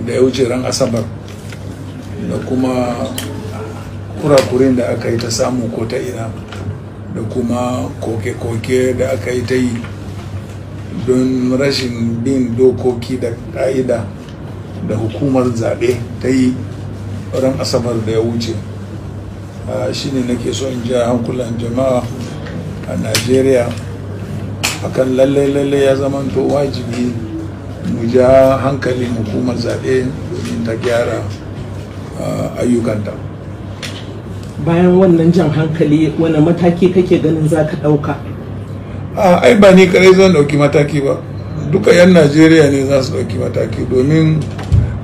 da ya wuce ran asabar da kuma kurakurin da aka yi ta samu ko ta ina da kuma koke-koke da aka yi ta yi don rashin bin dokoki da ka'ida da hukumar zaɓe ta yi ran asabar da ya wuce shi ne nake so in ja hankulan jama'a a najeriya akan lalle-lalle ya zamanto wajibi mu ja hankalin hukumar zaɓe domin ta gyara ah, ayyukanta bayan wannan jan hankali wani mataki kake ganin za ka ɗauka ah, ai ba ni kare zan ɗauki mataki ba duka 'yan najeriya ne za su ɗauki mataki domin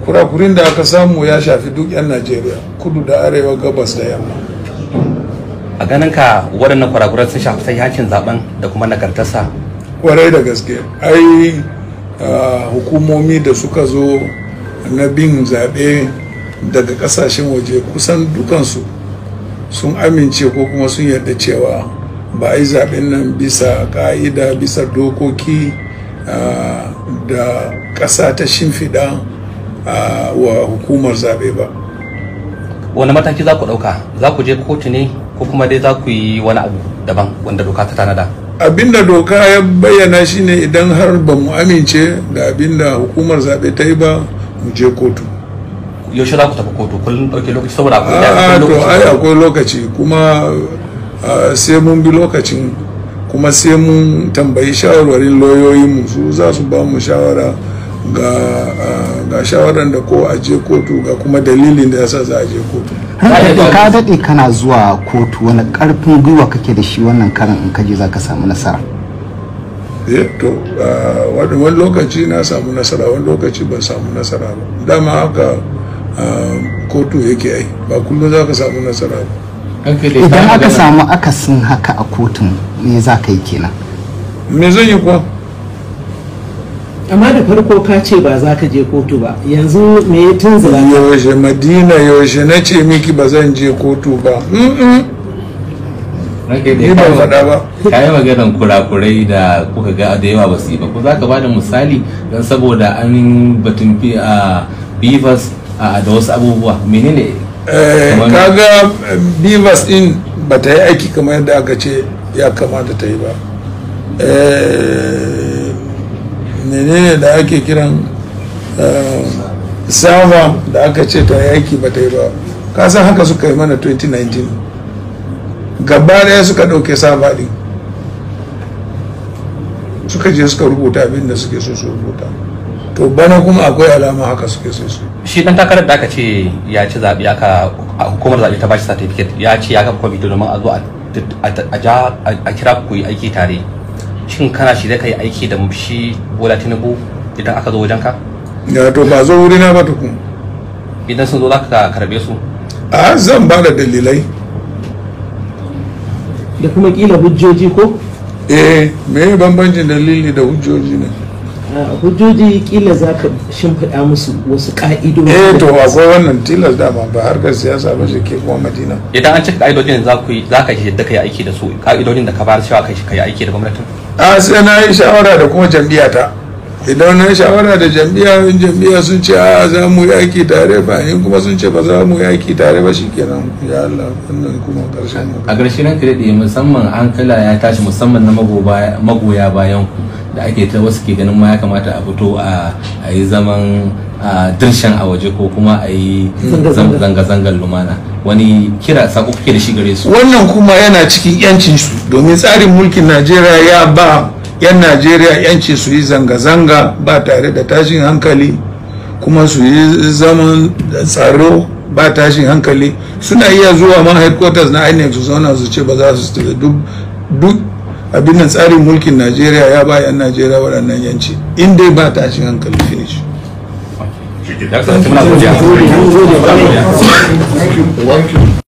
kurakurin da aka samu ya shafi duk 'yan najeriya kudu da arewa gabas da yamma a ganin ka waɗannan kurakuran sun shafi sai yakin zaben da kuma nagartarsa kwarai da gaske ai Ah, hukumomi da suka zo na bin zaɓe daga ƙasashen waje kusan dukansu sun amince ko kuma sun yarda cewa ba a yi zaɓen nan bisa ƙa'ida bisa dokoki ah, da ƙasa ta shimfiɗa ah, wa hukumar zaɓe ba wani mataki za ku ɗauka za ku je kotu ne ko kuma dai za ku yi wani abu daban wanda doka ta tanada abinda doka ya bayyana shine idan har ba mu amince da abinda hukumar zaɓe ta yi ba mu je kotu yaushe za ku tafi kotu kullum ɗauke lokaci saboda akwai lokaci ai akwai lokaci kuma sai mun bi lokacin kuma sai mun tambayi shawarwarin lauyoyinmu su za su ba mu shawara ga shawaran da ko a je kotu ga kuma dalilin da yasa za a je kotu ka daɗe kana zuwa kotu wani ƙarfin gwiwa kake da shi wannan karin in kaje za ka samu nasara eh, to wani lokaci na samu nasara wani lokaci ban samu nasara ba dama haka kotu yake ai ba kullum za ka samu nasara ba idan aka samu akasin haka a kotun me za ka yi kenan me zan yi kuwa amma da farko ka ce ba za ka je kotu ba yanzu me ya tunzula yaushe madina yaushe na ce miki ba zan je kotu ba ni ba faɗa ba ka yi maganar kurakurai da kuka ga da yawa ba su yi ba ku za ka ba da misali don saboda an batun fi a bivas da wasu abubuwa menene eh, ga eh, bivas din ba ta yi aiki kamar yadda aka ce ya kamata ta yi ba eh, menene da ake kiran eh, sava da aka ce ta yaki ba ta yi ba kasan haka suka yi mana 2019 gaba daya suka ɗauke sava din, suka je suka rubuta abin da suke so su rubuta to bana kuma akwai alama haka suke so su shi dan takarar da aka ce ya ci zaɓe aka hukumar zaɓe ta bashi certificate ya ce ya kafa kwamiti domin a zo a kira ku yi aiki tare shin kana shi da kai aiki da shi bola tinubu idan aka zo wajenka ya to ba zo wuri na ba tukun idan sun zo za ka karbe su a zan ba da dalilai da kuma kila hujjoji ko eh me bambancin dalili da hujjoji ne hujjoji kila za ka shimfiɗa musu wasu ƙa'idoji eh to akwai wannan tilas dama ba harkar siyasa ba shi ke kuma madina idan an cika ƙa'idojin za ku za ka yadda ka yi aiki da su ƙa'idojin da ka bar cewa kai ka yi aiki da gwamnatin a ah, sai na yi shawara da kuma jam'iyyata idan na shawara da jami'a in jami'a sun ce a za mu yaki tare ba in kuma sun ce ba za mu yaki tare ba shikenan ya Allah wannan kuma karshen a nan ranka daɗe musamman an ya tashi musamman na magoya bayan ku da ake ta wasu ke ganin ma ya kamata a fito a yi zaman dirshan a waje ko kuma a yi zanga-zangar lumana wani kira sako kuke da shi gare su wannan kuma yana cikin yancin su domin tsarin mulkin najeriya ya ba 'yan najeriya yanci su yi zanga-zanga ba tare da tashin hankali kuma su yi zaman tsaro ba tashin hankali suna iya zuwa ma headquarters na inec su zauna su ce ba za su tafi duk abin da tsarin mulkin najeriya ya ba 'yan najeriya waɗannan yanci in dai ba tashin hankali finish Thank you.